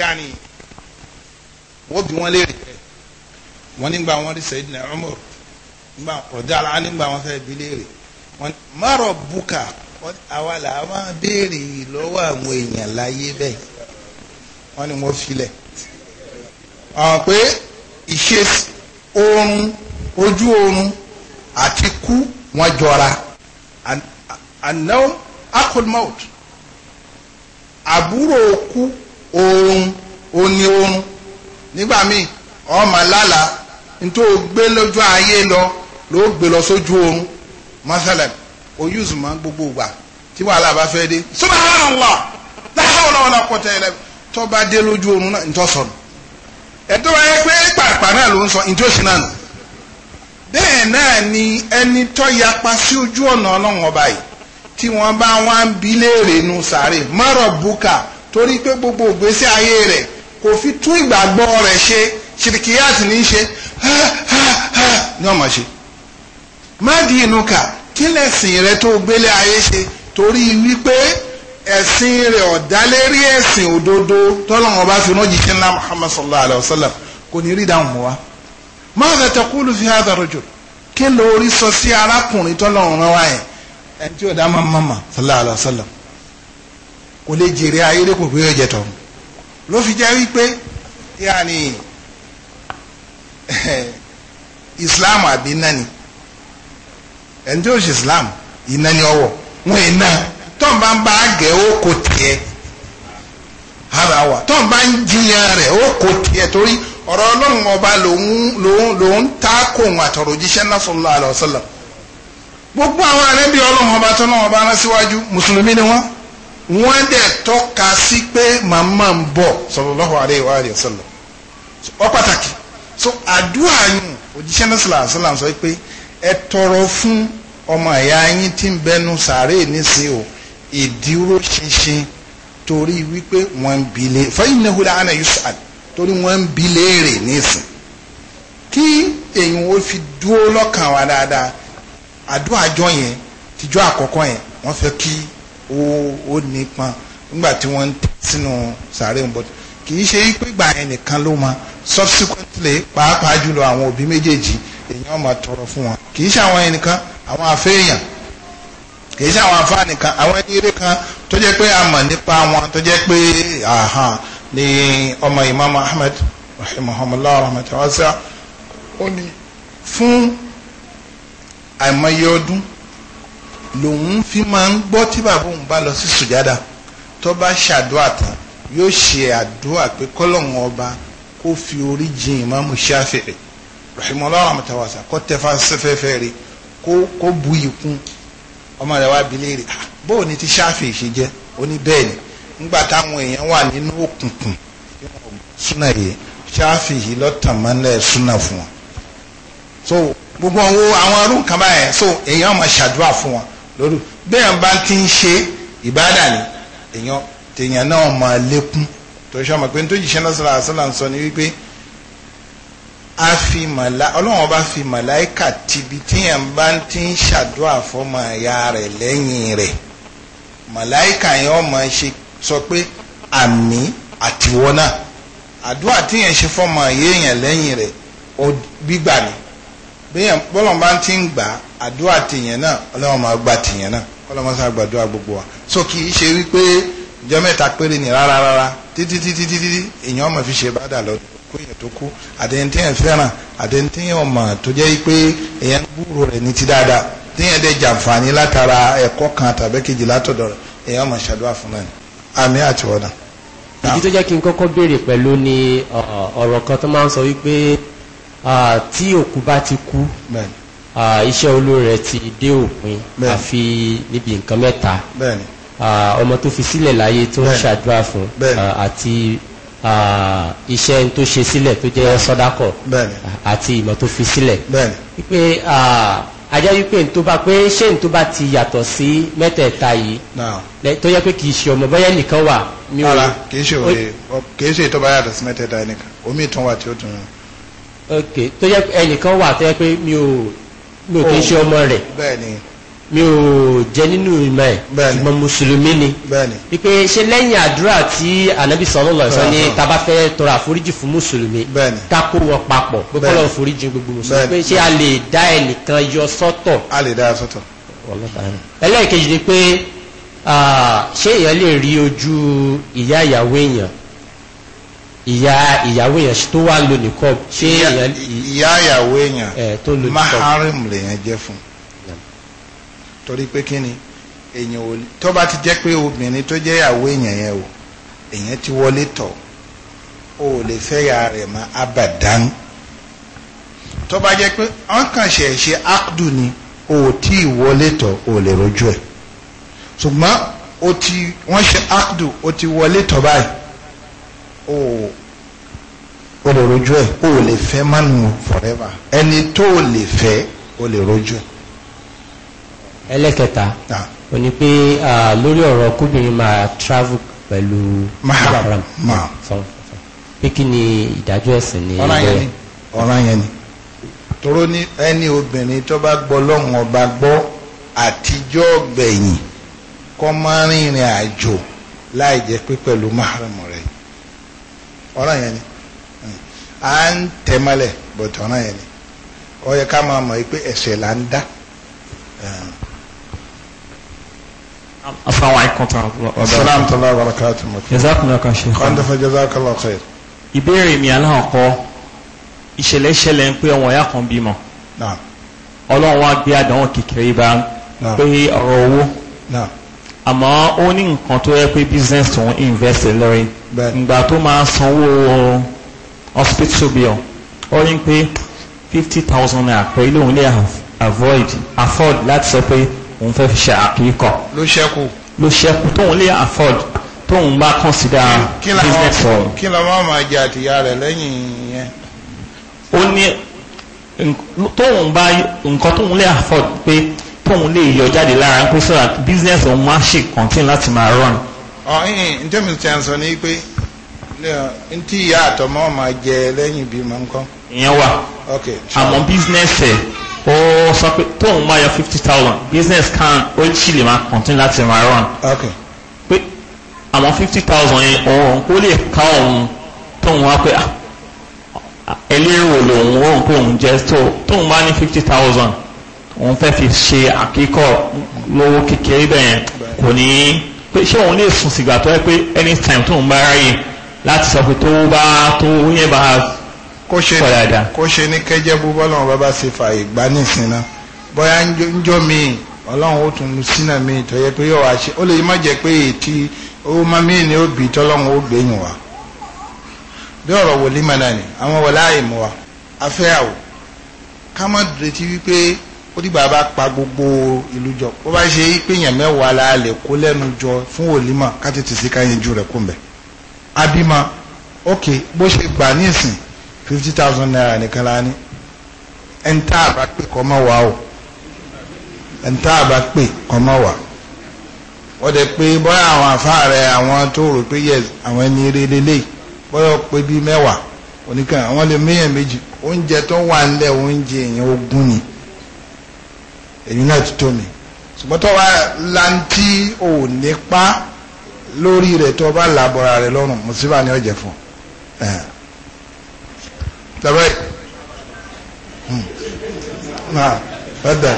yaani wọ́n bí wọ́n léèrè rẹ̀ wọ́n nígbà wọ́n rí Sayyidina Umar nígbà ọ̀dà àlá nígbà wọ́n fẹ́ bí léèrè wọ́n márọ̀ bùkà àwa là máa béèrè lọ́wọ́ àwọn èèyàn láyé bẹ́ẹ̀ wọ́n ní wọ́n filẹ̀ àwọn pé ìṣe oorun ojú oorun àti kú wọ́n jọra àná akol maut àbúrò kú oorun ó ní oorun nígbà míì ọmọ o gbé lọ ló gbé lọ sójú oorun o oyún gbogbo ìgbà tí wàhálà bá fẹ́ dé subhanallah láhàwọ̀lá wọn kọtẹ ẹ lẹ́bi bá dé lójú oorun náà nítorí sọnù ẹ̀tọ́ wáyé pé pàápàá náà ló ń sọ náà nù bẹ́ẹ̀ náà ni ẹni yapa sí ojú ọ̀nà torí pé gbogbo ògbésí ayé rẹ̀ kò fi tún ìgbàgbọ́ rẹ̀ ṣe ṣìrìkìyàtì ní í ṣe ní ọmọ ṣe má di inú kà kí lẹ̀sìn rẹ tó gbélé ayé ṣe torí wípé ẹ̀sìn rẹ̀ ọ̀dálérí ẹ̀sìn òdodo tọ́lọ́wọ́n bá fi rán jíṣẹ́ ńlá Muhammad sallallahu alayhi wa sallam kò ní rí dáhùn mọ́ wa mọ́tò tẹkúlù fi hàn àdàrọ̀jò kí lóorí sọ sí arákùnrin tọ́lọ́wọ́n rán wa yẹn ẹni tí ò dá máa máa sallallahu alayhi wa sallam kò lè jèrè ayé dẹ́kun pé yóò jẹ ló fi jẹ́ wípé yaani islam àbí iná ẹni tí ṣe islam iná ni ọwọ́ wọn iná tó ń bá ń bá gẹ̀ ó kò tiẹ̀ ara wa tó ń bá ń jiyàn rẹ̀ ó kò tiẹ̀ torí ọ̀rọ̀ ọlọ́run ọba lòun ta kò òun àtọ̀rọ̀ òjíṣẹ́ náà sallallahu alaihi wasallam gbogbo àwọn àrẹ́bí ọlọ́run ọba tó náà ọba rán síwájú mùsùlùmí ni wọ́n wọ́n dẹ̀ tọ́ka sí pé màmá ń bọ̀ sallallahu alaihi wa alihi ọ pàtàkì so àdúrà yìí òjíṣẹ́ náà sọ̀rọ̀ àṣọlá sọ pé ẹ tọrọ fún ọmọ ẹ̀yà yín tí ń bẹnu sàárè nísìnyí o ìdúró ṣinṣin torí wípé wọ́n ń bi lé fa innahu la'ana yus'al torí wọ́n ń bi léèrè nísìn kí èyàn ó fi dúró lọ́kàn wa dáadáa àdúrà jọ yẹn tìjọ́ àkọ́kọ́ yẹn wọ́n fẹ́ kí ó nípọn nígbà tí wọ́n ń tẹ̀ sínú sàárè ń kì í ṣe pé gbà yẹn nìkan ló mọ subsequently pàápàá jùlọ àwọn òbí méjèèjì èèyàn máa tọrọ fún wọn kì í ṣe àwọn yẹn nìkan àwọn àfẹ́yàn kì í ṣe àwọn afá nìkan àwọn eré kan tó jẹ́ pé a mọ̀ nípa wọn tó jẹ́ pé ni ọmọ Imam Ahmed rahimahumullah rahmatulahi wasa ó ní fún àìmọye ọdún lòun fi máa ń gbọ́ tí bàbá òun bá lọ sí sùjádà tó bá ṣàdúrà tán yóò ṣe àdúrà pé kọ́lọ́hún ọba kó fi orí jìn ìmáàmù Ṣáfi'í rahimahullah rahmatawasa kó tẹ́fà sẹ́fẹ́fẹ́ rẹ̀ kó bu ìkún ọmọ rẹ̀ wá bi léèrè ah, bóò ni ti Ṣáfi'í ṣe jẹ́ ó ní bẹ́ẹ̀ ni nígbà táwọn èèyàn wà nínú òkùnkùn súnà yìí Ṣáfi'í lọ́tàn mọ́lẹ̀ súnà fún wọn so gbogbo àwọn arúgbó kan báyẹn so èèyàn máa ṣàdúrà fún wọn lóru bẹ́ẹ̀ bá ti ń ṣe ìbáàdà ni èèyàn tèèyàn náà máa lékún tó ṣe ọmọ pé ní tó jìṣẹ́ náà sọ̀rọ̀ àṣọ náà sọ ni wípé a fi màlá ọlọ́run ọba fi màláìkà tibi téèyàn bá ti ń ṣàdúrà fọmọ ẹ̀yà rẹ̀ lẹ́yìn rẹ̀ màláìkà yẹn ọmọ ṣe sọ pé àmì àtiwọ́ náà àdúrà téèyàn ṣe fọmọ ẹ̀yà lẹ́yìn rẹ̀ gbígbà ni bíyàn bọ́lọ̀n bá ti ń gbà àdúrà tìyẹn náà ọlọ́run máa gba tìyẹn náà ọlọ́run máa gbàdúrà gbogbo wa so kì í ṣe wípé ìjọ mẹ́ta péré ni rárá rárá títí títí títí èèyàn ọmọ fi ṣe bàdà lọ́dún kó èèyàn tó kú àdéhùntẹ́yàn fẹ́ràn àdéhùntẹ́yàn ọmọ tó jẹ́ pé èèyàn gbúrò rẹ̀ ní ti dáadáa téèyàn dẹ̀ jàǹfààní látara ẹ̀kọ́ kan tàbí kejì látọ̀dọ̀ rẹ̀ èèyàn ṣàdúrà fún àmì àti ìdí tó jẹ́ kí n kọ́kọ́ béèrè pẹ̀lú ni ọ̀rọ̀ kan tó máa ń sọ wípé tí òkú bá ti kú iṣẹ́ olóore ti dé òpin àfi níbi nǹkan mẹ́ta ọmọ tó fi sílẹ̀ láyé tó ń ṣàdúrà fún àti iṣẹ́ tó ṣe sílẹ̀ tó jẹ́ sọ́dákọ̀ àti ìmọ̀ tó fi sílẹ̀ wípé ajá wípé tó bá pé ṣé tó bá ti yàtọ̀ sí mẹ́tẹ̀ẹ̀ta yìí tó yẹ pé kì í ṣe ọmọ bọ́yẹ́ nìkan wà. kì í ṣe ìtọ́ba yàtọ̀ sí mẹ́tẹ̀ẹ̀ta nìkan omi ìtàn wà tí ó tún yàn ok tó yẹ ẹnìkan wà tó yẹ pé mi ò mi ò kí n ṣe ọmọ rẹ̀ mi ò jẹ nínú ìmọ̀ ẹ̀ ṣùgbọ́n mùsùlùmí ni wípé ṣe lẹ́yìn àdúrà tí ànábì sallallahu alaihi wasallam ní tá bá fẹ́ tọrọ àforíjì fún mùsùlùmí ká kó wọn papọ̀ pé kọ́lọ̀ àforíjì gbogbo mùsùlùmí pé ṣé a lè dá ẹnìkan yọ sọ́tọ̀. a lè dá yọ sọ́tọ̀. ẹlẹ́ẹ̀kejì ni pé ṣé èèyàn lè rí ojú ìyá ìyàwó èèyàn ìyá ìyàwó yẹn tó wà lò nìkọ́ọ̀bù ṣé ìyá ìyàwó yẹn maharim lèyàn jẹ́ fún torí pé kí ni èyàn ò tó bá ti jẹ́ pé obìnrin tó jẹ́ ìyàwó èyàn yẹn o èyàn ti wọlé tọ̀ o ò lè fẹ́ ya rẹ̀ mọ́ abadan tó bá jẹ́ pé wọ́n kàn ṣe ṣe akdu ni o ò tí ì wọlé tọ̀ o ò lè rojú ẹ̀ ṣùgbọ́n o ti wọ́n ṣe akdu o ti wọlé tọ̀ báyìí o o lè rojú ẹ̀ o lè fẹ́ mánu forever ẹni tó o lè fẹ́ o lè rojú ẹ̀. ẹlẹ́kẹta ah. o ní pé lórí ọ̀rọ̀ kóbìnrin máa travel pẹ̀lú mahram pé kí ni ìdájọ́ ẹ̀sìn ní ilé ọ̀ràn yẹn ni toró ní ẹni obìnrin tó bá gbọ́ lọ́hùn ọba gbọ́ àtijọ́ gbẹ̀yìn kọ́ máa rìnrìn àjò láì jẹ́ pé pẹ̀lú mahram rẹ̀ ọ̀ràn yẹn ni à ń tẹ̀mọ́lẹ̀ but ọ̀ràn yẹn ni ó yẹ ká máa mọ̀ pé ẹ̀ṣẹ̀ là ń dá. asalaamu alaykum wa rahmatulahi wa barakatuh. jazakumullahu khairan sheikh. kọ́ńtà fún jazakumullahu khairan. ìbéèrè mi aláǹkọ́ ìṣẹ̀lẹ̀ ṣẹlẹ̀ ń pé ọmọ ìyá kan bímọ. ọlọ́run wá gbé àdánwò kékeré bá pé ọ̀rọ̀ owó. àmọ́ ó ní nǹkan tó yẹ pé business tó ń invest lórí ìgbà tó máa sanwó hospital bill ó ní pé fifty thousand naira pé ilé òun lè avoid afford láti sọ pé òun fẹ́ fi ṣe àkíkọ̀. ló ṣẹ́kù. ló ṣẹ́kù tóun lè afford tóun bá consider business for. kí ló máa máa jẹ àtìyá rẹ̀ lẹ́yìn yẹn. ó ní tóun bá nǹkan tóun lè afford pé tóun lè yọ jáde lára pé sọ́ra business òun máa ṣe continue láti máa run ọ̀hìn ntẹ́mi tí a sọ ni pé ntí ìyá àtọmọ máa jẹ lẹ́yìn ìbímọ nǹkan. ìyẹn wà àmọ́ bísínẹ́sì ó sọ pé tóun máa yọ fifty thousand business kan ó sì lè máa continue láti máa run. pé àmọ́ fifty thousand yẹn òun kó lè ká òun tóun wá pé ah, ẹlẹ́rìí lòun òun pé òun jẹ́ tó tóun bá ní fifty thousand òun fẹ́ fi ṣe àkíkọ̀ lówó kékeré bẹ́ẹ̀ kò ní í pé ṣé òun lè sùn sìgbà tó yẹ pé anytime tó ń bá ráyè láti sọ pé tó bá tó yẹn bá sọ dáadáa. kó ṣe ní kẹ́jẹ́ bú bọ́lọ́run bàbá ṣe fààyè gbá nísìn náà bóyá ń jọ míì ọlọ́run ó tún sínà míì tó yẹ pé yóò wá ṣe ó lè má jẹ́ pé ètí owó má míì ni ó bì tọ́lọ́run ó gbẹ̀yìn wá bí ọ̀rọ̀ wòlíì mọ̀nà ni àwọn wòlíì àìmọ̀ wa afẹ́ àwò ká má retí wípé ó dìgbà bá pa gbogbo ìlú jọ bó bá ṣe yí péyàn mẹ́wàá la lè kó lẹ́nu jọ fún wòlímọ̀ ká tètè sí ká rẹ̀ kó abimọ ok bó ṣe gbà ní ìsìn fifty thousand naira nìkan la ní ẹni tá a bá pè kọ́ mọ́ wá o ẹni tá a bá pè kọ́ mọ́ wá wọ́n dẹ̀ pé bóyá àwọn àfáà rẹ̀ àwọn tó rò pé yes àwọn ẹni rere lè bóyá pé bíi mẹ́wàá oníkan àwọn lè méyàn méjì oúnjẹ tó wà nílẹ̀ oúnjẹ èèyàn ogún ni. èyí náà ti tó mi ṣùgbọ́n tó wá lantí ò nípa lórí rẹ̀ bá rẹ̀ lọ́rùn ni ó jẹ fún ẹ̀ tẹ́lẹ̀ hmm. náà ẹ̀dá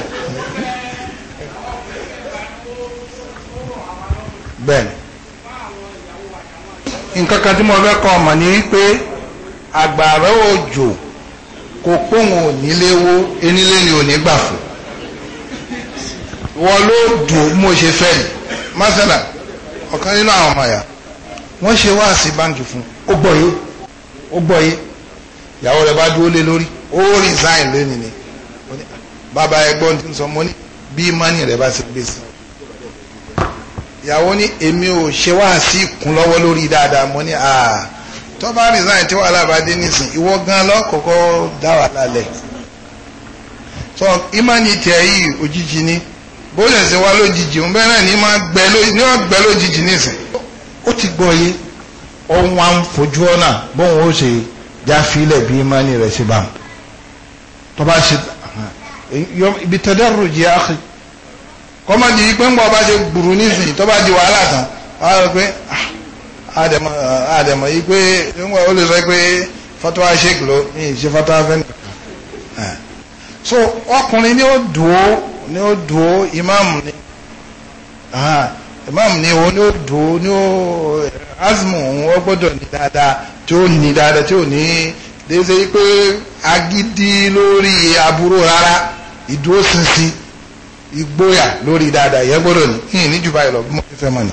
nǹkan kan tí mo fẹ́ kọ́ ọmọ ni pé àgbàrá òjò kò pòun ò níléwó enílé ni gbà fún wọ́n ló dùn mo ṣe fẹ́ ni masala ọ̀kan nínú àwọn ọmọ àyà wọ́n ṣe wá sí báǹkì fún ó gbọ́yé ó gbọ́yé ìyàwó rẹ̀ bá dúró lé lórí ó resign lónìí ni bàbá ẹgbọ́n tí ń sọ mọ́ ní bí mọ́nì rẹ̀ bá ṣe gbé sí ìyàwó ní èmi ò ṣe wá sí ìkún lọ́wọ́ lórí dáadáa mọ́ ní tó bá resign tí wàhálà bá dé nísìn ìwọ gan lọ́kọ̀ọ́kọ́ dá wàhálà lẹ̀ so ìmọ̀ ni tẹ̀ yìí òjijì ni bó lè ṣe wá lójijì òun bẹ́ẹ̀ náà ní máa gbẹ ní wọ́n gbẹ lójijì nísìn ó ti gbọ́ yé òun wa ń fojú ọ̀nà bóun ó ṣe jáfílẹ̀ bí imáni rẹ̀ ṣe bá tó bá ṣe ibi tẹ́lẹ̀rù jẹ́ àkè kọ́mọ́dé yìí pé ń bọ̀ bá ṣe gbùrù nísìn tó bá di wàhálà tán á rẹ pé àdèmọ̀ ah, yìí pé ó lè sọ pé fatuwa sheik ló ní ìṣe fatuwa fẹ́ẹ́ so ọkùnrin ni ó dùn ó. ni ó dùn ó ìmáàmù ni ìmáàmù ni o ni o dùn ni ó azmu òun ó gbọ́dọ̀ dáadáa tí ó ní dáadáa tí ó ní déédéé pé agídí lórí aburú rárá lórí dáadáa ìyẹn ni báyìí lọ bí mo ti fẹ́ mọ̀ ni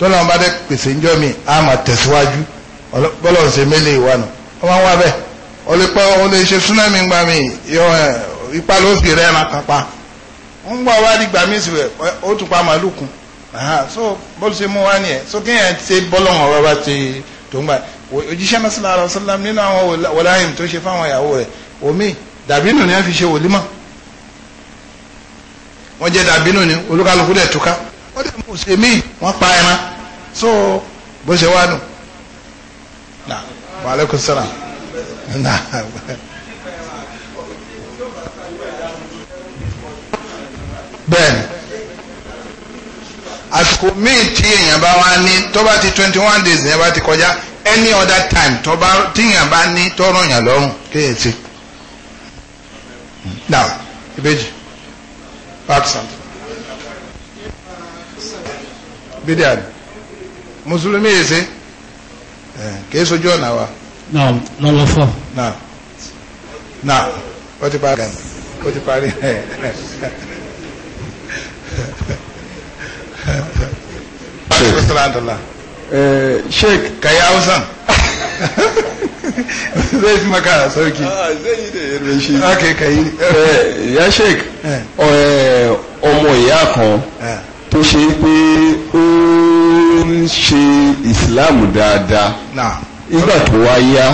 tọ́lọ́mọba mi a máa tẹ̀síwájú bọ́lọ̀ ṣe mélé ìwà nù bẹ́ẹ̀ ṣe súnámì gbà mí yọ ipá ló fi rẹ́ ẹran kan pa ń gbọ́ wá dìgbà mísì rẹ̀ ó tún pa màálù kù so bó ṣe mú wá nìyẹn so kéèyàn ṣe bọ́lọ́hàn ọ̀rọ̀ bá ṣe tó ń gbà òjíṣẹ́ náà sallallahu alaihi wasallam nínú àwọn wọláyìn tó ṣe fáwọn ìyàwó rẹ̀ omi dàbínù ni wọ́n fi ṣe wòlímọ̀ wọ́n jẹ́ dàbínù ni olúkálukú dẹ̀ túká wọ́n dẹ̀ mú ṣe míì wọ́n pa ẹran so bó ṣe wá nù. na wa alaikum salaam. bẹ́ẹ̀ni àsìkò míì tí èèyàn bá wá ní tó bá ti twenty one days yẹn bá ti kọjá any other time tó bá tíyàn bá ní tọrọ yàn lọ́rùn kéèyèsí. now ìbejì back something. bídíà mùsùlùmí yìí ṣe kìí sojú ọ̀nà wa. náà lọ́lọ́ fọ́. náà náà ó ti parí ó ti parí. Eh, Sheikh ka yi hausan zai fi maka sauki zai yi da yarbe shi ake ka yi ya sheik eh. oh, eh, ọmọ ìyá kan tó ṣe pé ó ń ṣe islam dáadáa nígbà tó wá yá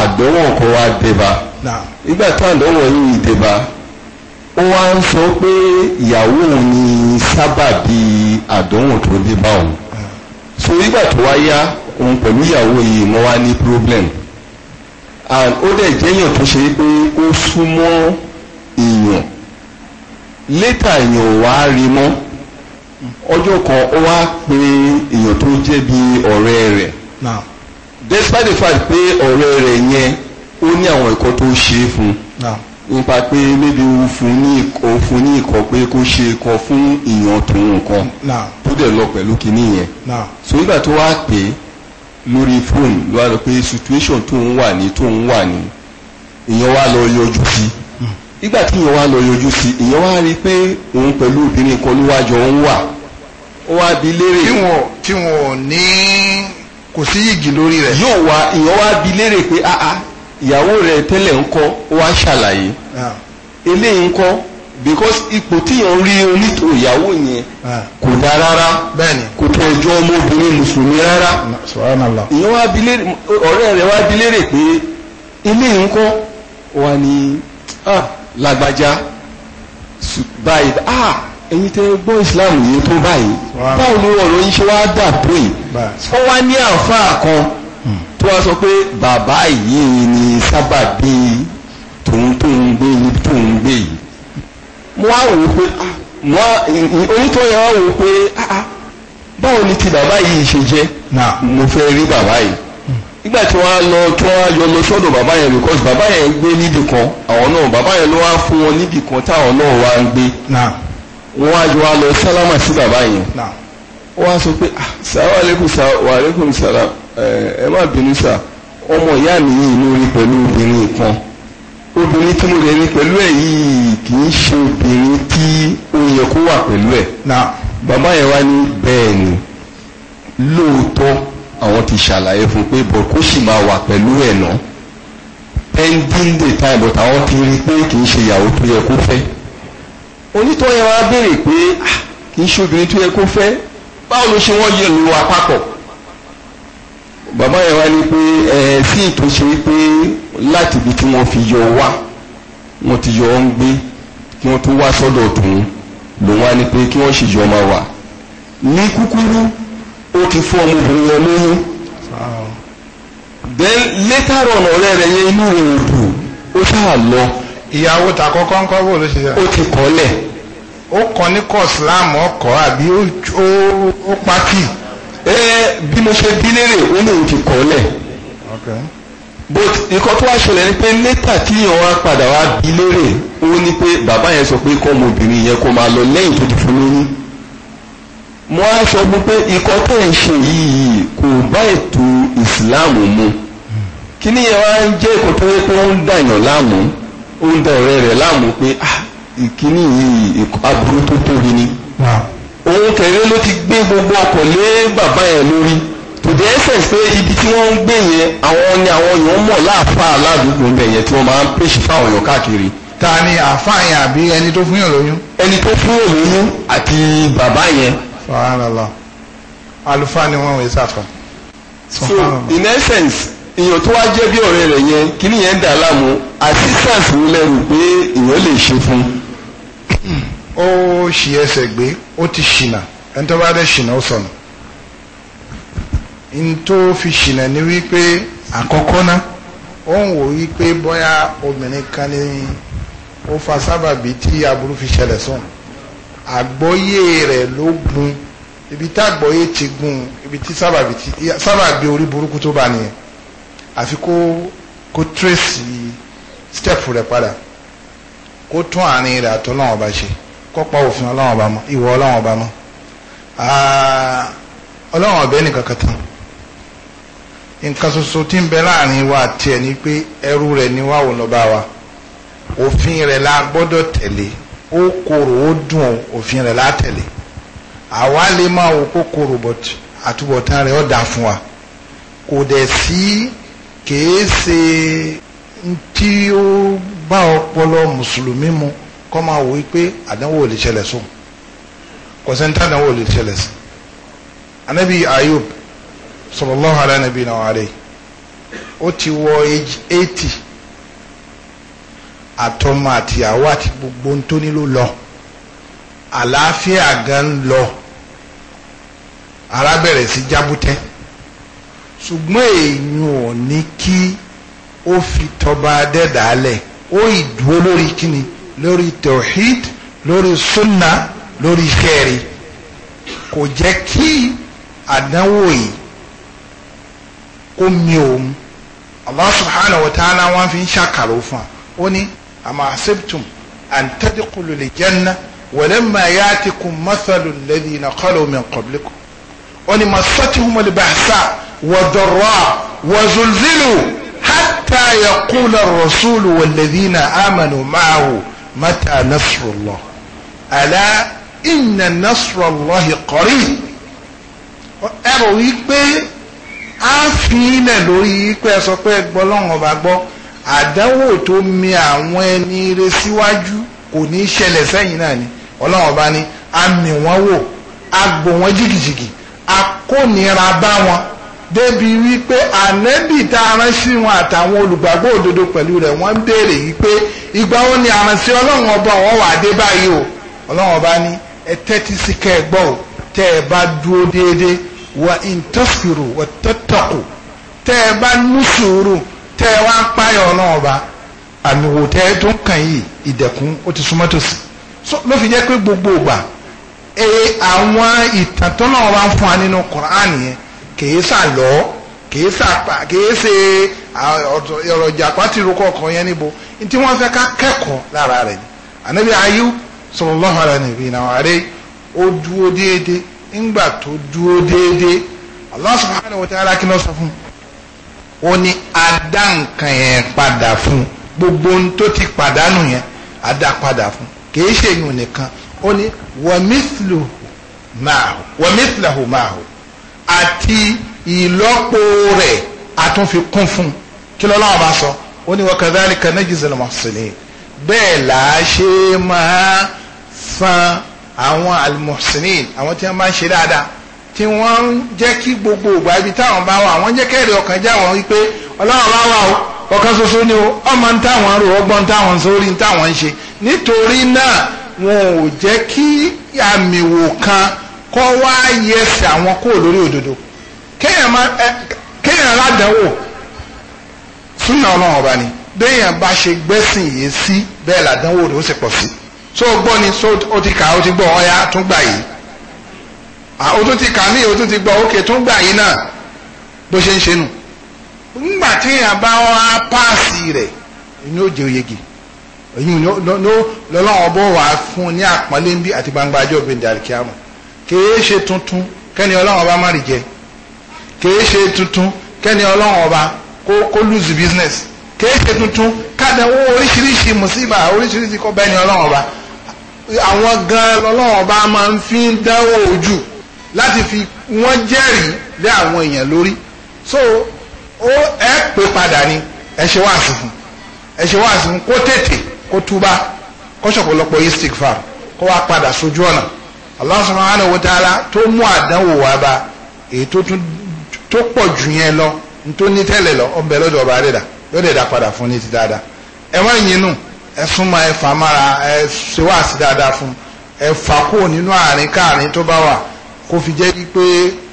àdánwò kan wá débá nígbà tó àdánwò yìí débá ó wá ń sọ pé ìyàwó ni sábàbí àdánwò tó dé bá òun so nígbà tó wá yá òun pẹ̀lú ìyàwó yìí wọ́n ní problem and ó dẹ̀ jẹ́yàn tó ṣe pé ó súnmọ́ èèyàn létà èèyàn wá rí mọ́ ọjọ́ kan ó wá pe èèyàn tó jẹ́ bí ọ̀rẹ́ despite the fact pé ọ̀rẹ́ rẹ̀ yẹn ó ní àwọn ẹ̀kọ́ tó ṣe fún nípa pé mébi òfun ní ikọ̀ òfun ní ikọ̀ pé kó ṣe ikọ̀ fún ìyàn tòun kan tó dẹ̀ lọ pẹ̀lú kínní yẹn so nígbà tó wá pè é lórí fóònù ló wá lọ pé situation tóun wà ní tóun wà ní ìyẹn wá lọ yọjú sí hmm. nígbà tí ìyẹn wá lọ yọjú sí ìyẹn wá rí i pé òun pẹ̀lú obìnrin kan ló wájọ ń wà ó wá bi léèrè. tí wọn tí wọn ní kò sí yìgì lórí rẹ. yóò wá ìyẹn wá bi léèrè pé ah ah ìyàwó rẹ̀ tẹ́lẹ̀ ń kọ́ wá ṣàlàyé ah. eléyìí ń kọ́ because ipò tíyàn rí onítòrò ìyàwó yẹn ah. kò dá rárá kò tó ẹjọ́ ọmọbìnrin mùsùlùmí rárá ìyẹn wá bi léèrè ọ̀rẹ́ rẹ̀ wá bi léèrè pé eléyìí ń kọ́ wà ní ah, lágbájá báyìí ah ẹ̀yin tẹ́ gbọ́ islam yìí tó báyìí báwo ni ọ̀rọ̀ yìí ṣe wá dà pé wọ́n wá ní àǹfààní kan. tó wá sọ pé bàbá yìí ni sábàbí tòun tó gbé gbé yìí mo wò pé mo onítọ̀ yẹn wò ó pé ah, ah, báwo ni ti bàbá yìí ṣe jẹ́ mo fẹ́ rí bàbá yìí nígbà tí wọ́n á lọ tí wọ́n á yọ lọ sọ́dọ̀ bàbá yẹn because bàbá yẹn gbé níbì àwọn náà bàbá yẹn ló wá fún wọn níbì táwọn náà wá ń gbé wọ́n á yọ sálámà Eh, ẹ má bínú sà ọmọ ìyá mi yìí ló rí pẹ̀lú obìnrin kan obìnrin tí mo rẹ̀ rí pẹ̀lú ẹ̀ yìí kì í ṣe obìnrin tí ó yẹ kó wà pẹ̀lú ẹ̀ bàbá yẹn wá ní bẹ́ẹ̀ ni lóòótọ́ àwọn ti ṣàlàyé fún pé bọ̀ kó sì máa wà pẹ̀lú ẹ̀ pending the time but àwọn ti rí pé kì í ṣe ìyàwó tó yẹ kó fẹ́ onítọ̀ yẹn wá béèrè pé ah, kì í ṣe obìnrin tó yẹ bàbá yẹn wá ní pé ẹ sí ìtúnṣe pé láti ibi tí wọ́n fi yọ wá wọ́n ti yọ ọ́ ń gbé kí wọ́n tún wá sọ́dọ̀ tòun lòun wá ní pé kí wọ́n sì yọ ọmọ wa ní kúkúrú ó ti fún ọmọbìnrin yẹn lóyún then later on ọ̀rẹ́ rẹ̀ yẹn inú rẹ̀ ò dùn ó ṣáà lọ. ìyàwó ta kọ́kọ́ ń kọ́ bó ló ṣe yà. ó ti kọ́lẹ̀. ó kọ ní kọ́ islam ọkọ̀ àbí ó pátì. ẹ ẹ bí mo ṣe bí léèrè ó lóun ti kọ́ lẹ̀ but ikọ̀ tó wá ṣẹlẹ̀ ni pé létà tí yàn wá padà wá bí léèrè ó ní pé bàbá yẹn sọ pé kọ́ ọmọbìnrin yẹn kó máa lọ lẹ́yìn tó ti fún lóyún mo á sọ fún pé yìí kò bá ètò mu kí ni yẹn wá ń jẹ́ tó yẹ pé ó ń dàyàn láàmú ó ń pé ah ìkíní yìí aburú tó tóbi ni. òun kẹ̀rẹ́ ló ti gbé gbogbo ọkọ̀ lé bàbá yẹn lórí to the essence pé ibi tí wọ́n ń gbé yẹn àwọn ni àwọn èèyàn mọ̀ láàfáà ládùúgbò ń bẹ̀ yẹn tí wọ́n máa ń pèsè fáwọn èèyàn káàkiri ta ni àáfàá yẹn àbí ẹni tó fún yàn ẹni tó fún yàn àti bàbá yẹn. subhanallah àlùfáà ni wọn ò yẹ so in essence èèyàn tó wá jẹ́ bí ọ̀rẹ́ rẹ̀ yẹn kí nìyẹn dà láàmú assistance wo lẹ́rù pé èèyàn lè ṣe fún un ó ṣì ẹsẹ̀ gbé ó ti ṣìnà ẹni tó bá dẹ̀ ṣìnà ó sọnù n tó fi ṣìnà ni wípé àkọ́kọ́ náà ó ń wò wípé bóyá obìnrin kan ní ó fa sábàbí tí aburú fi ṣẹlẹ̀ sùn àgbọ́yé rẹ̀ ló gun ibi tí àgbọ́yé ti gun ibi tí sábàbí orí burúkú tó bá nìyẹn àfi kó kó tírèsì stẹ́ẹ̀pù rẹ̀ padà kó tún àárín rẹ̀ àtọ́nà ọba ṣe. kọ́pọ̀ òfin ọlọ́wọ̀n ọba mọ́ ìwọ ọlọ́run ọba mọ́ ah, ọbẹ̀ tán nǹkan tí ń bẹ láàrin wa tiẹ̀ ni pé ẹrú rẹ̀ ni wà wò lọ́ba wa òfin rẹ̀ la gbọ́dọ̀ tẹ̀lé ó korò ó dùn òfin rẹ̀ la àwa lè máa wò kó korò bọ̀t àtúbọ̀tán rẹ̀ fún wa kò dẹ̀ sí kèé ṣe tí ó bá kọ́ máa wò wípé àdánwò lè ṣẹlẹ̀ sùn kò sẹ́ńtà àdánwò lè ṣẹlẹ̀ sí anabi ayub sallallahu alaihi nabi na wàhálẹ ó ti wọ age eighty àtọmọ àtìyàwó àti gbogbo ntóni ló lọ àlàáfíà gan lọ ara bẹ̀rẹ̀ sí jábútẹ́ ṣùgbọ́n èèyàn ò ní kí ó fi tọba adẹ́dàálẹ̀ ó ìdúró lórí kíni lórí tawhid lórí sunna lórí kẹrì kò jẹ́ kí àdánwò yìí kó mi òun Allah subhanahu wa ta'ala wọn fi ń ṣàkàrò fún ọ ó ní àmà asibtum an tadkhulu al-janna walamma ya'tikum mathalu alladhina khalu min qablikum ó ní massatuhum al-ba'sa wad-dharra wa zulzilu hatta yaqula ar-rasulu walladhina amanu ma'ahu mata nasrullah ala inna nasrullahi qarib ẹ rò wípé a fi ilẹ̀ lórí pé ẹ sọ pé gbọ́ lọ́wọ́n ọba gbọ́ àdánwò tó mi àwọn ẹni re síwájú kò ní ṣẹlẹ̀ sẹ́yìn náà ni ọlọ́wọ́n ọba ni a mì wọ́n wò a gbò wọ́n jìgìjìgì a kò nira bá wọn débi wípé ànẹ́bì tá a rán sí wọn àtàwọn olùgbàgbọ́ òdodo pẹ̀lú rẹ̀ wọ́n ń béèrè wípé ìgbà wo ni àrànṣe ọlọ́run ọba wọn wà dé báyìí o ọlọ́run ọba ní ẹ tẹ́tí sí kẹ́ ẹ gbọ́ o tẹ́ ẹ bá dúró déédéé wà ìtọ́sìrò wà tọ́tọ̀kù tẹ́ ẹ bá ní sùúrù tẹ́ ẹ wá ń páyọ̀ ọlọ́run ọba àmì wò tẹ́ ẹ tó ń kàn yìí ìdẹ̀kùn ó ti súnmọ́ tòsí ló fi jẹ́ pé gbogbo ìgbà e, àwọn ìtàn tọ́lọ́run bá ń fún wa nínú Kùránì yẹn kìí sàlọ́ kìí sàpà kìí ṣe ọ̀rọ̀ ìjàpá ti kọ̀ọ̀kan yẹn níbo tí wọ́n fẹ́ ká kẹ́kọ̀ọ́ lára rẹ̀ ni ànábi ayé sallallahu alaihi wa sallam ó dúró déédé ńgbà tó dúró déédé Allah wa kí ló sọ fún un ó ní adá padà fún gbogbo ohun tó ti pàdánù yẹn adá padà fún kìí ṣèyún nìkan ó ní wa mithluhu máa àti ìlọ́po rẹ̀ àtúnfi kún fún kí lọ́lọ́wọ́ bá sọ ó ní wa kadhalika najzil muhsinin bẹ́ẹ̀ là á ṣe máa san àwọn al-muhsinin àwọn tí wọ́n máa ń ṣe dáadáa tí wọ́n ń jẹ́ kí gbogbo ògbà ibi táwọn bá wà wọ́n jẹ́ kẹ́rì ọkàn já wọn wípé ọlọ́run bá wà ó ọ̀kan ṣoṣo ni ó ọmọ ń rò ọgbọ́n táwọn sórí ń ń ṣe nítorí náà wọn ò jẹ́ kí àmìwò kan kọ́ wá yẹsẹ̀ àwọn kúrò lórí òdodo kéèyàn ládánwò súnà ọlọ́run ọba ni béèyàn bá ṣe gbẹ́sìn yìí sí bẹ́ẹ̀ ládánwò rẹ̀ ó sì pọ̀ sí so gbọ́ ni so ó ti kà ó ti gbọ́ ọ̀ya tún gbà yìí ó tún ti kà ní ó tún ti gbọ́ òkè tún gbà yìí náà bó ṣe ń ṣe nù ńgbà tí èèyàn bá wá páàsì rẹ̀ ni ó jẹ́ oyegi èyí lọ́lọ́run ọbọ̀ wà fún ní àpọ́nlé ń bí àti gbangba ajọ́ òbí ìdàlùkíyàmù kìí ṣe tuntun kẹ́ni ọlọ́run ọba má rí jẹ kìí ṣe tuntun kẹ́ni ọlọ́run ọba kó lose business kìí ṣe tuntun kádàwó oríṣiríṣi mùsíbà oríṣiríṣi kọ́ bẹ́ni ọlọ́run ọba àwọn gan ọlọ́run ọba máa ń fi ń dánwò ojú láti fi wọ́n jẹ́rìí lé àwọn èèyàn lórí so ó ẹ pè padà ni ẹ ṣe wá àsìkò ẹ ṣe wá àsìkò kó tètè kó túbà kó ṣọ̀pọ̀lọpọ̀ istikfar kó wá padà sójú ọ̀nà. Allah subhanahu wa ta'ala tó mú àdánwò wá bá èyí tó pọ̀ jù yẹn lọ tó ní tẹ́lẹ̀ lọ ọbẹ̀ lọ́dọ̀ ọba rẹ̀ dà lọ́dẹ̀ dà padà fún ní ti dáadáa ẹ wọ́n yinú ẹ súnmọ́ ẹ fà mára ẹ ṣe wá sí dáadáa fún ẹ fà kúrò nínú àárín káàrin tó bá wà kó fi jẹ́ pé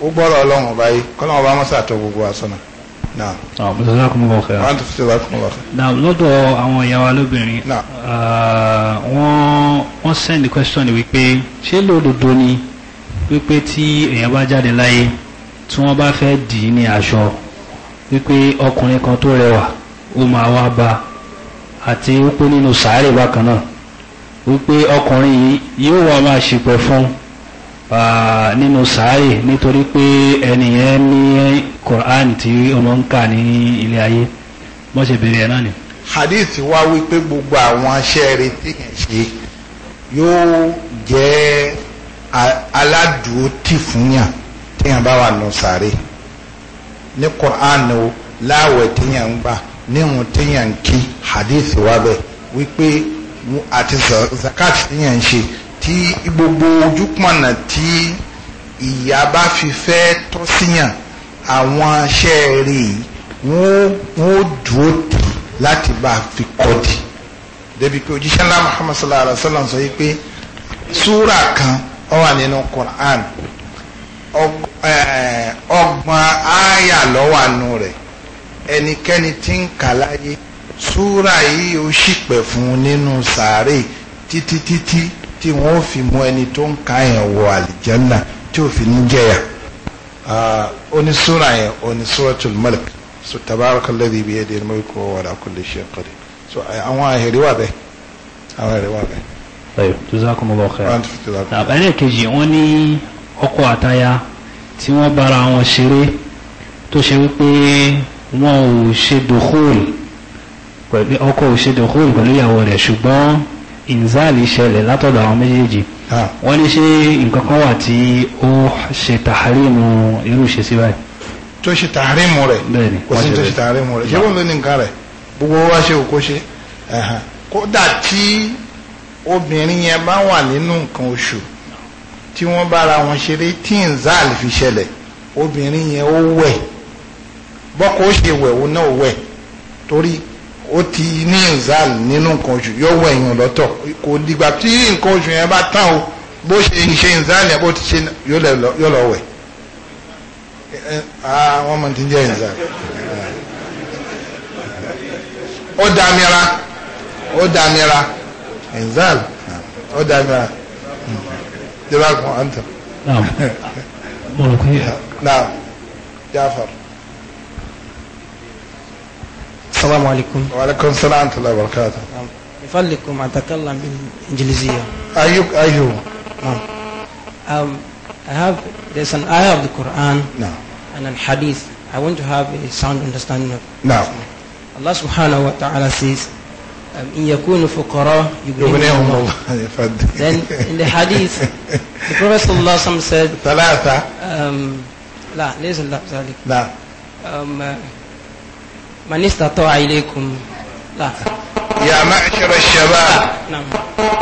ó gbọ́rọ̀ ọlọ́run ọba yìí kọ́lọ́run ọba mọ́sà tó gbogbo àsọ̀nà naam lọ́dọ̀ àwọn ìyá wa lóbìnrin uh, wọ́n send question wípé ṣé lódodo ni wípé tí èèyàn bá jáde láyé tí wọ́n bá fẹ́ dì í ní aṣọ wípé ọkùnrin kan tó rẹwà ó máa wá bá àti wípé nínú sàárè bákan náà wípé ọkùnrin yìí yóò wá máa ṣìpẹ̀ fún un nínú sàárè nítorí pé ẹnìyẹn ní Quran tí ọmọ ń kà ní ilé ayé wọ́n ṣe bèrè ẹ̀ náà ni. hadith wá wípé gbogbo àwọn aṣẹ́ rẹ̀ tí kì í ṣe yóò jẹ́ aládùúró tì fún yàn téèyàn bá wà nù sàárè ní Quran o láwẹ̀ téèyàn ń gbà níhun téèyàn ń kí hadith wá bẹ̀ wípé àti zakat téèyàn ń ṣe tí gbogbo ojúpọ̀nà tí ìyá bá fi fẹ́ tọ́ síyàn àwọn aṣẹ́ rẹ̀ wọ́n wọ́n dúró tì láti bá a fi kọ́dì débi pé òjíṣẹ́ ńlá Muhammad sallallahu alaihi wa sallam sọ yìí pé kan ó nínú Quran eh, ọgbọ̀n àyà ló wà nù rẹ̀ ẹnikẹ́ni tí ń kà láyé súrà yìí ó ṣìpẹ̀ fún nínú sàárè títí títí tí wọ́n fi mú ẹni tó ń ka yẹn wọ àlìjẹ́nà tí ò fi ní jẹ̀yà onísúra yẹn onísúratul Mulk so tabaraka alladhi bi yadihi al-mulku wa huwa ala kulli shay'in qadir so àwọn àhèrè wà bẹ́ẹ̀ àwọn àhèrè wà bẹ́ẹ̀. ayo jazakumullahu khairan àbẹ̀rẹ̀ kejì wọ́n ní ọkọ àtaya tí wọ́n bára wọn ṣeré tó ṣe wípé wọn ò ṣe dòkóòlù ọkọ ò ṣe dòkóòlù pẹ̀lú ìyàwó rẹ̀ ṣùgbọ́n inzali ṣẹlẹ̀ látọ̀dọ̀ àwọn méjèèjì ah. wọ́n ní ṣé nǹkan kan wà tí ó ṣe tàhárìmù irú ṣe sí báyìí. tó ṣe tàhárìmù rẹ̀ kò sí tó ṣe tàhárìmù rẹ̀ ṣé wọ́n ló ní nǹkan rẹ̀ gbogbo wa ṣe òkó ṣe kódà tí obìnrin yẹn bá wà nínú nǹkan oṣù tí wọ́n bára wọn ṣeré tí inzali fi ṣẹlẹ̀ obìnrin yẹn ó wẹ̀ bọ́kọ̀ ó ṣe wẹ̀ òun náà wẹ̀ torí ó ti ní exam nínú nǹkan oṣù yóò wọ èèyàn lọ́tọ̀ kò dìgbà tí nǹkan oṣù yẹn bá tán o bó ṣe ṣe exam yẹn bó ti ṣe yóò lọ wẹ̀ wọ́n mọ̀ tí ń jẹ́ exam ó dàmíra ó dàmíra exam ó dàmíra jọba kan àǹtà. naam mo rò pé. naam Jaafar. السلام عليكم وعليكم السلام ورحمة الله وبركاته نعم. يفلكم أتكلم بالإنجليزية أيوب أيوب نعم um, I have there's an ayah of the Quran نعم and an hadith I want to have a sound understanding of نعم الله سبحانه وتعالى ta'ala says إن يكون فقراء يغنيهم الله يفضل then in the hadith the Prophet صلى الله عليه وسلم said ثلاثة um, لا ليس ذلك لا نعم. um, uh, من استطاع إليكم لا يا معشر الشباب نعم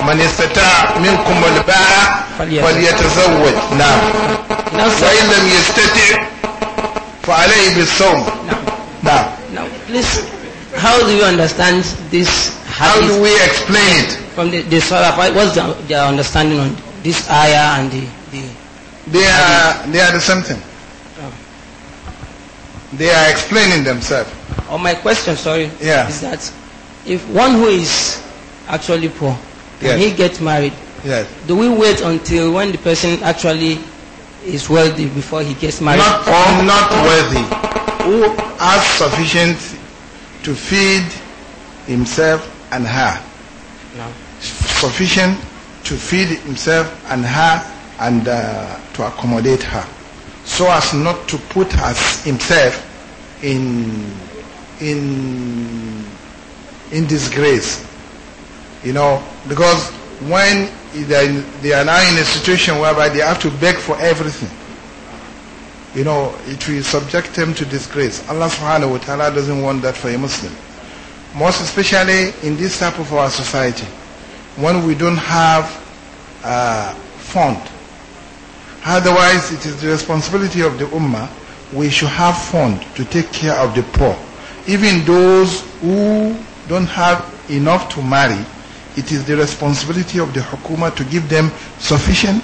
من استطاع منكم الباء فليتزوج نعم وإن لم يستطع فعليه بالصوم نعم نعم Now, please, how do you understand this How do we explain it? From the, the Salaf, what's the, their understanding on this ayah and the... the they, are, they are the same thing. They are explaining themselves. On my question, sorry, yeah. is that if one who is actually poor, yes. he get married, yes. do we wait until when the person actually is wealthy before he gets married? Not poor, not wealthy. Who has sufficient to feed himself and her. No. Sufficient to feed himself and her and uh, to accommodate her so as not to put us, himself in, in, in disgrace. You know, because when they are now in a situation whereby they have to beg for everything, you know, it will subject them to disgrace. Allah subhanahu wa ta'ala doesn't want that for a Muslim. Most especially in this type of our society, when we don't have a uh, fund Otherwise, it is the responsibility of the Ummah. We should have fund to take care of the poor. Even those who don't have enough to marry, it is the responsibility of the Hukuma to give them sufficient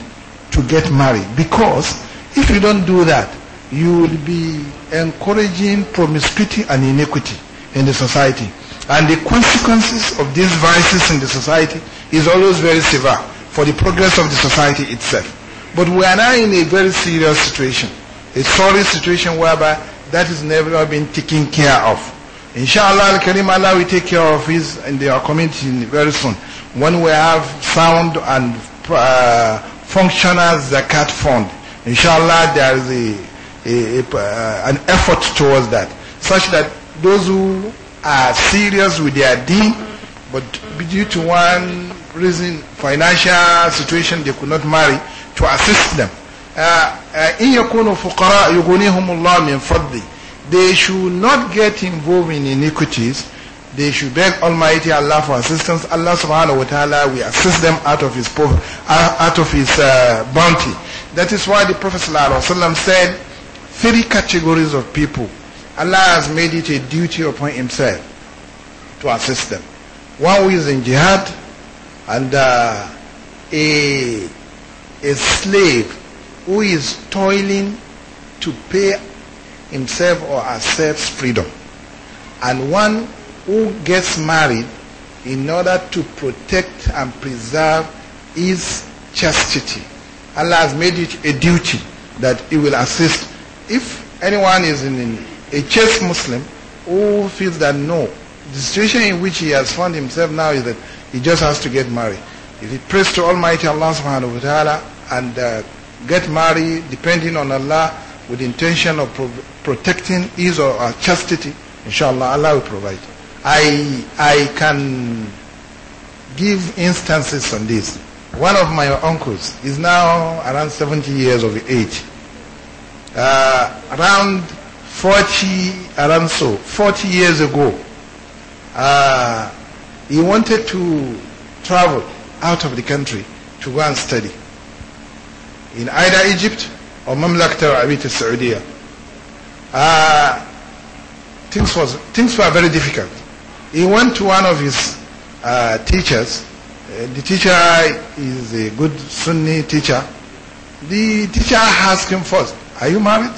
to get married. Because if you don't do that, you will be encouraging promiscuity and iniquity in the society. And the consequences of these vices in the society is always very severe for the progress of the society itself. But we are now in a very serious situation, a sorry situation whereby that is never been taken care of. Inshallah, Al-Karim Allah will take care of his and their community very soon. When we have sound and uh, functional zakat fund, inshallah there is a, a, a uh, an effort towards that, such that those who are serious with their deen, but due to one reason, financial situation, they could not marry, to assist them. Uh, uh, إن يكونوا They should not get involved in iniquities. They should beg Almighty Allah for assistance. Allah subhanahu wa ta'ala will assist them out of his, uh, out of his uh, bounty. That is why the Prophet said three categories of people. Allah has made it a duty upon himself to assist them. One who is in jihad and uh, a a slave who is toiling to pay himself or herself freedom, and one who gets married in order to protect and preserve his chastity. Allah has made it a duty that he will assist. If anyone is in a chaste Muslim who feels that no, the situation in which he has found himself now is that he just has to get married. If you prays to Almighty Allah subhanahu wa ta'ala and uh, get married depending on Allah with intention of pro protecting his or her chastity, inshallah Allah will provide. I, I can give instances on this. One of my uncles is now around 70 years of age. Uh, around 40, around so, 40 years ago, uh, he wanted to travel out of the country to go and study in either Egypt or Mamlakta or Abita Saudiya. Uh, things, was, things were very difficult. He went to one of his uh, teachers. Uh, the teacher is a good Sunni teacher. The teacher asked him first, are you married?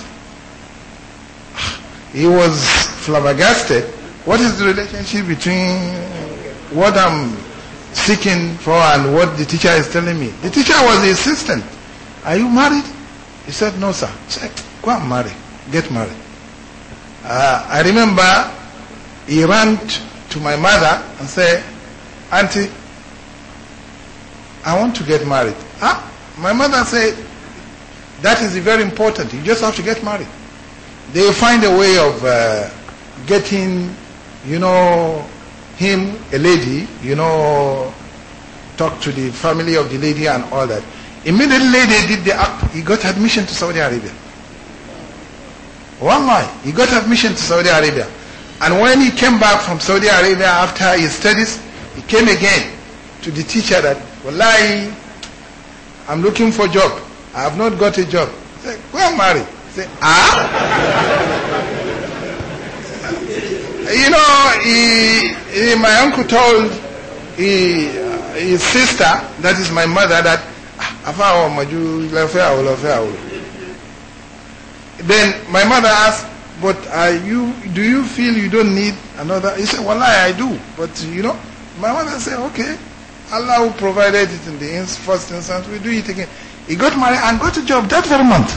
He was flabbergasted. What is the relationship between uh, what I'm seeking for and what the teacher is telling me. The teacher was the assistant. Are you married? He said, no, sir. Check. said, go and marry. Get married. Uh, I remember he ran to my mother and said, Auntie, I want to get married. Huh? Ah, my mother said, that is very important. You just have to get married. They find a way of uh, getting, you know, him, a lady, you know, talk to the family of the lady and all that. Immediately they did the act, he got admission to Saudi Arabia. One Wallahi, he got admission to Saudi Arabia. And when he came back from Saudi Arabia after his studies, he came again to the teacher that, Wallahi, I'm looking for a job. I have not got a job. He said, go and marry. He said, ah? you know, he, he, my uncle told he, his sister, that is my mother, that ah, then my mother asked, but are you, do you feel you don't need another? He said, well, I, I do. But, you know, my mother said, okay, Allah will provided it in the first instance, we do it again. He got married and got a job that very month.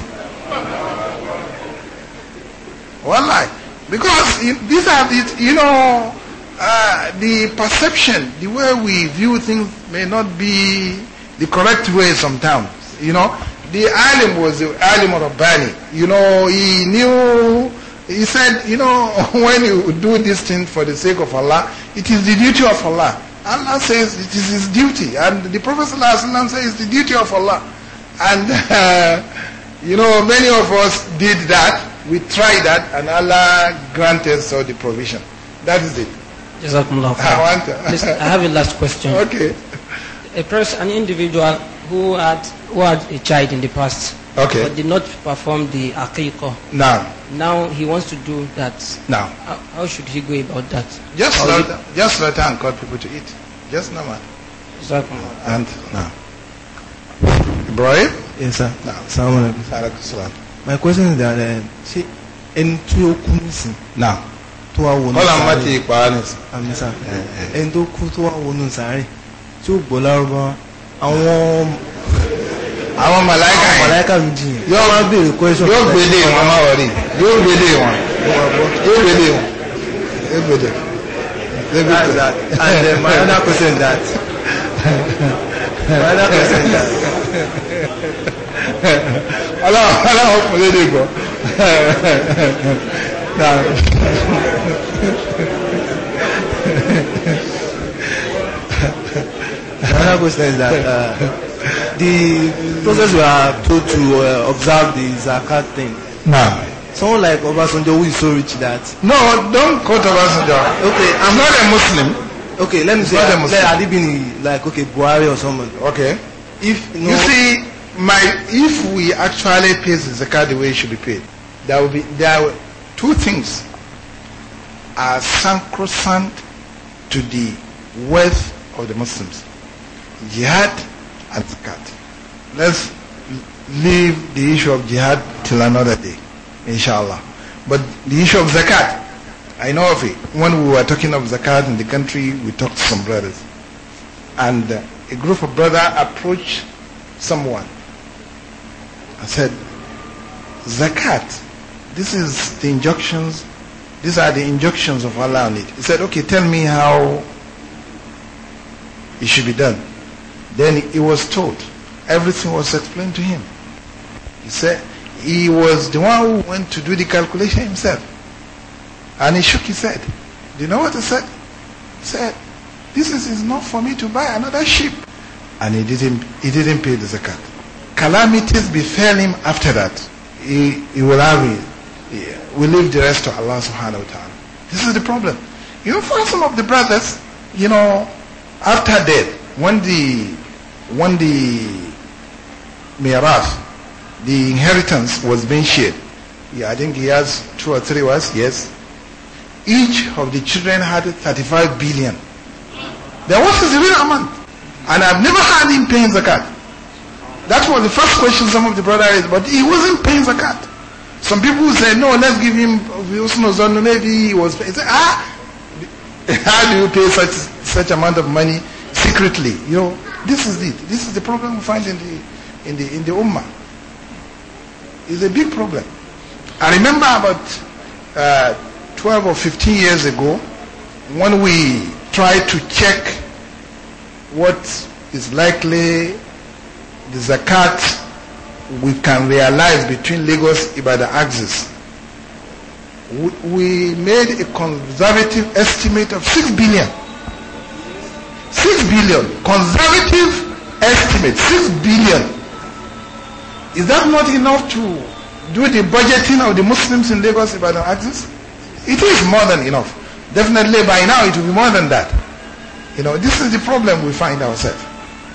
Wallahi. Because these are, you know, uh, the perception, the way we view things may not be the correct way sometimes. You know, the alim was the alim Bani. You know, he knew, he said, you know, when you do this thing for the sake of Allah, it is the duty of Allah. Allah says it is his duty. And the Prophet ﷺ says it's the duty of Allah. And, uh, you know, many of us did that. We try that and Allah granted us all the provision. That is it. I, want to. I have a last question. Okay. A person, an individual who had, who had a child in the past. Okay. But did not perform the aqiqah. Now. Now he wants to do that. Now. How, how should he go about that? Just how he, just slaughter and call people to eat. Just normal. Jazakumullah. And now. Ibrahim? Yes, sir. Now. Salam alaikum. my question is that eh, ṣé ẹni tí ó kú nísìn. na tó wá wọnú sáré kọ́lá má ti pa á nísìn. àmì sá ẹni tó kú tó wá wọnú sáré tí ó gbọ́ lárúbáwá àwọn àwọn màláìkà yẹn màláìkà mi jiyàn yóò máa béèrè question. yóò gbélé wọn máa wọlé yóò gbélé wọn yóò gbélé wọn yóò gbélé. That's that. And then my other question is that. my other question is that. aláwọ̀ fún lédè gbọ́ Another question is that uh, the process we are told to uh, observe the zakat thing. Now, someone like Obasanjo who is so rich that. No, don't quote Obasanjo. Okay, I'm not a Muslim. Okay, let me say, like, like Adibini, like okay, Buhari or someone. Okay. If you, you see, my if we actually pay the zakat the way it should be paid, there will be there two things are sacrosanct to the wealth of the Muslims: jihad and zakat. Let's leave the issue of jihad till another day, inshallah. But the issue of zakat, I know of it. When we were talking of zakat in the country, we talked to some brothers, and a group of brothers approached someone I said, Zakat. This is the injunctions. These are the injunctions of Allah on it. He said, okay, tell me how it should be done. Then he was told. Everything was explained to him. He said, he was the one who went to do the calculation himself. And he shook his head. Do you know what he said? He said, this is, is not for me to buy another sheep. And he didn't, he didn't pay the zakat calamities befell him after that, he, he will have it. We leave the rest to Allah subhanahu wa ta'ala. This is the problem. You find some of the brothers, you know, after death, when the, when the miraf, the inheritance was being shared, yeah, I think he has two or three wives, yes. Each of the children had 35 billion. There was his real amount. And I've never had him paying zakat. That was the first question some of the brother raised, but he wasn't paying zakat. Some people said, no, let's give him maybe he was paying. Ah, how do you pay such such amount of money secretly? You know, this is it. This is the problem we find in the in the in the ummah. It's a big problem. I remember about uh, 12 or 15 years ago, when we tried to check what is likely the zakat we can realize between Lagos Ibadan axis. We made a conservative estimate of 6 billion. 6 billion. Conservative estimate, 6 billion. Is that not enough to do the budgeting of the Muslims in Lagos Ibadan axis? It is more than enough. Definitely by now it will be more than that. You know, this is the problem we find ourselves.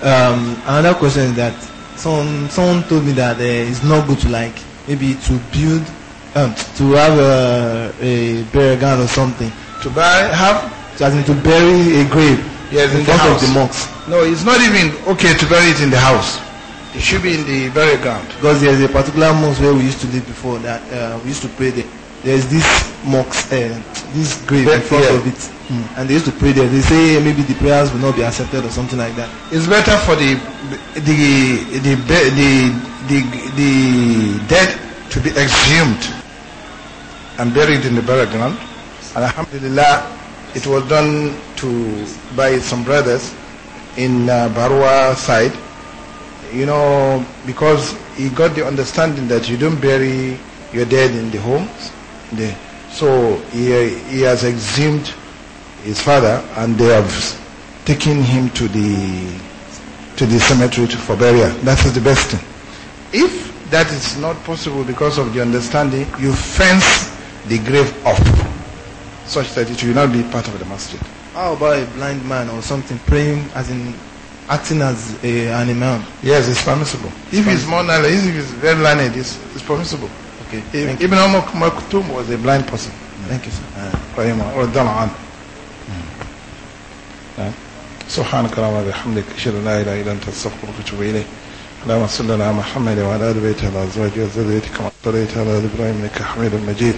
Um, another question is that someone someone told me that uh, it's not good to like maybe to build um, to have a, a burial ground or something. To buy have. So as in to bury a grave. Yes, in, in the house. Of the mosque. No, it's not even okay to bury it in the house. It should be in the burial ground. Because there's a particular mosque where we used to live before that uh, we used to pray there. there's this mosque uh, this grave in front yeah. of it, mm. and they used to pray there. They say maybe the prayers will not be accepted or something like that. It's better for the the the the the, the dead to be exhumed and buried in the burial ground. And Alhamdulillah, it was done to by some brothers in uh, Barua side. You know, because he got the understanding that you don't bury your dead in the homes so he, he has exhumed his father and they have taken him to the to the cemetery for burial. That is the best thing. If that is not possible because of the understanding, you fence the grave off such that it will not be part of the masjid. How about a blind man or something praying as in acting as a, an imam? Yes, it's permissible. If it's, permissible. more knowledge, if it's very learned, it's, it's permissible. Okay. Thank Ibn Umar Maktoum was a blind person. Thank you, sir. Rahimah. Radallahu anhu. سبحانك اللهم وبحمدك اشهد ان لا اله الا انت استغفرك واتوب اليك اللهم صل على محمد وعلى ال بيته وازواجه وذريته كما صليت على ال ابراهيم انك حميد مجيد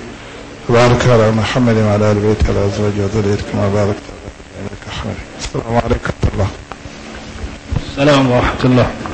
وبارك على محمد وعلى ال بيته وازواجه وذريته كما باركت على ابراهيم انك حميد السلام عليكم ورحمه الله السلام ورحمه الله